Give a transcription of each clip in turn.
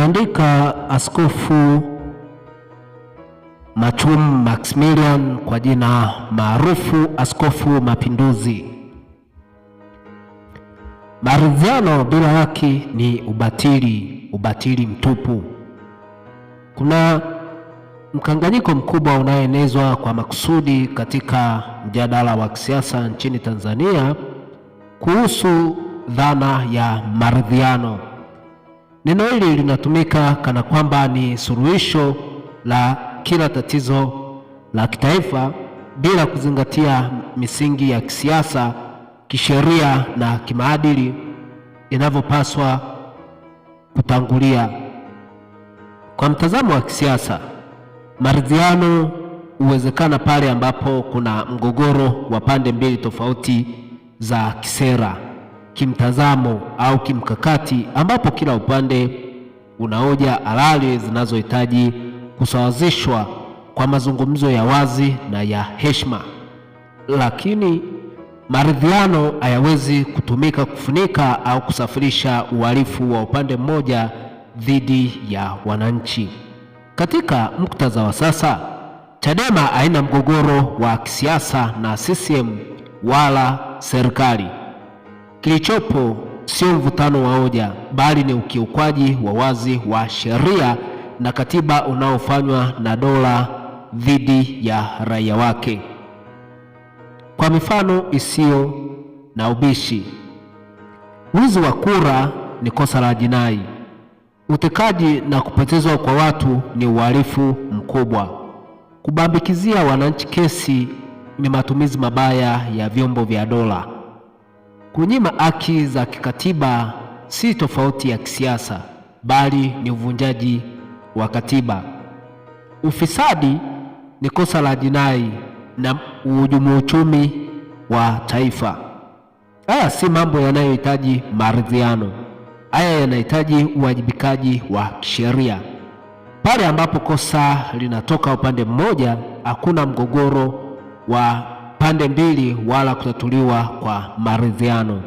anaandika Askofu Matum Maximilian kwa jina maarufu Askofu Mapinduzi. Maridhiano bila haki ni ubatili, ubatili mtupu. Kuna mkanganyiko mkubwa unaoenezwa kwa makusudi katika mjadala wa kisiasa nchini Tanzania kuhusu dhana ya maridhiano. Neno hili linatumika kana kwamba ni suluhisho la kila tatizo la kitaifa bila kuzingatia misingi ya kisiasa, kisheria na kimaadili inavyopaswa kutangulia. Kwa mtazamo wa kisiasa, maridhiano huwezekana pale ambapo kuna mgogoro wa pande mbili tofauti za kisera kimtazamo au kimkakati, ambapo kila upande una hoja halali zinazohitaji kusawazishwa kwa mazungumzo ya wazi na ya heshima. Lakini maridhiano hayawezi kutumika kufunika au kusafirisha uhalifu wa upande mmoja dhidi ya wananchi. Katika muktadha wa sasa, Chadema haina mgogoro wa kisiasa na CCM wala serikali. Kilichopo sio mvutano wa hoja, bali ni ukiukwaji wa wazi wa sheria na katiba unaofanywa na dola dhidi ya raia wake. Kwa mifano isiyo na ubishi, wizi wa kura ni kosa la jinai. Utekaji na kupotezwa kwa watu ni uhalifu mkubwa. Kubambikizia wananchi kesi ni matumizi mabaya ya vyombo vya dola. Kunyima haki za kikatiba si tofauti ya kisiasa, bali ni uvunjaji wa katiba. Ufisadi ni kosa la jinai na uhujumu uchumi wa taifa. Haya si mambo yanayohitaji maridhiano, haya yanahitaji uwajibikaji wa kisheria. Pale ambapo kosa linatoka upande mmoja, hakuna mgogoro wa pande mbili wala kutatuliwa kwa maridhiano.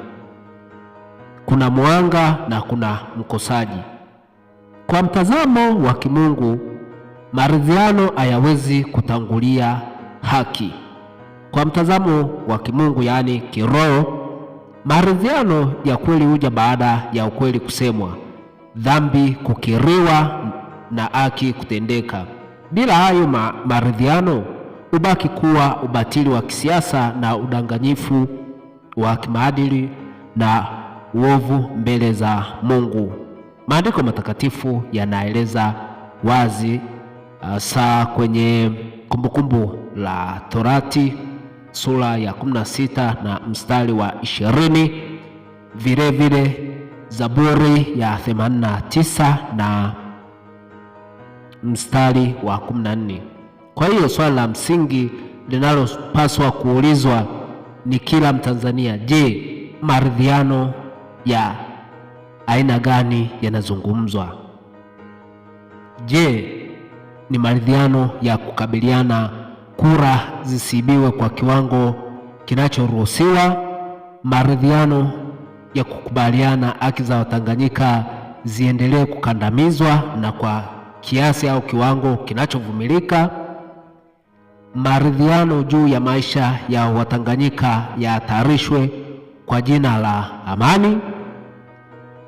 Kuna mwanga na kuna mkosaji. Kwa mtazamo wa kimungu, maridhiano hayawezi kutangulia haki. Kwa mtazamo wa kimungu, yaani kiroho, maridhiano ya kweli huja baada ya ukweli kusemwa, dhambi kukiriwa na haki kutendeka. Bila hayo maridhiano ubaki kuwa ubatili wa kisiasa na udanganyifu wa kimaadili na uovu mbele za Mungu. Maandiko matakatifu yanaeleza wazi hasa uh, kwenye Kumbukumbu la Torati sura ya 16 na mstari wa ishirini, vilevile Zaburi ya 89 na mstari wa 14. Kwa hiyo swali la msingi linalopaswa kuulizwa ni kila Mtanzania, je, maridhiano ya aina gani yanazungumzwa? Je, ni maridhiano ya kukabiliana kura zisiibiwe kwa kiwango kinachoruhusiwa, maridhiano ya kukubaliana haki za Watanganyika ziendelee kukandamizwa na kwa kiasi au kiwango kinachovumilika maridhiano juu ya maisha ya Watanganyika yatayarishwe kwa jina la amani.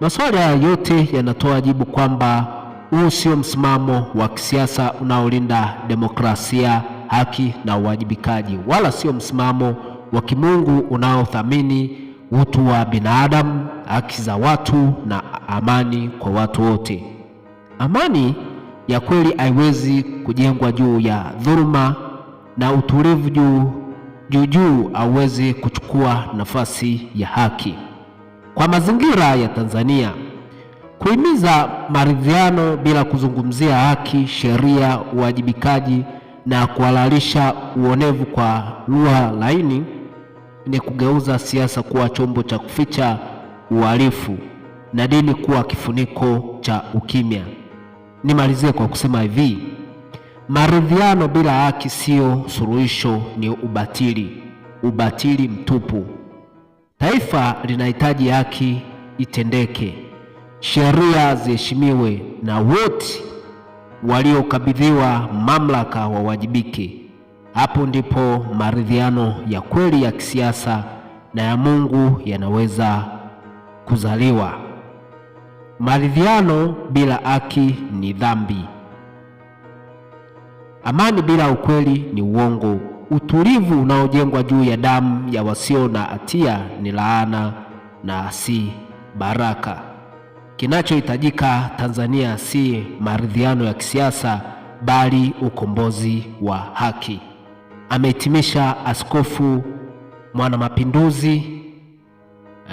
Maswali haya yote yanatoa jibu kwamba huu sio msimamo wa kisiasa unaolinda demokrasia, haki na uwajibikaji, wala sio msimamo wa kimungu unaothamini utu wa binadamu, haki za watu na amani kwa watu wote. Amani ya kweli haiwezi kujengwa juu ya dhuluma na utulivu juu juu juu aweze kuchukua nafasi ya haki. Kwa mazingira ya Tanzania, kuhimiza maridhiano bila kuzungumzia haki, sheria, uwajibikaji na kuhalalisha uonevu kwa lugha laini ni kugeuza siasa kuwa chombo cha kuficha uhalifu na dini kuwa kifuniko cha ukimya. Nimalizie kwa kusema hivi. Maridhiano bila haki siyo suluhisho, ni ubatili, ubatili mtupu. Taifa linahitaji haki itendeke, sheria ziheshimiwe, na wote waliokabidhiwa mamlaka wawajibike. Hapo ndipo maridhiano ya kweli ya kisiasa na ya Mungu yanaweza kuzaliwa. Maridhiano bila haki ni dhambi. Amani bila ukweli ni uongo. Utulivu unaojengwa juu ya damu ya wasio na hatia ni laana na si baraka. Kinachohitajika Tanzania si maridhiano ya kisiasa, bali ukombozi wa haki. Amehitimisha Askofu Mwanamapinduzi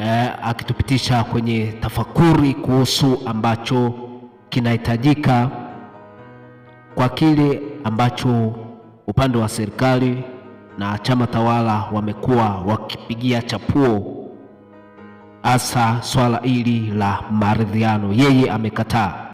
eh, akitupitisha kwenye tafakuri kuhusu ambacho kinahitajika kwa kile ambacho upande wa serikali na chama tawala wamekuwa wakipigia chapuo hasa swala hili la maridhiano, yeye amekataa.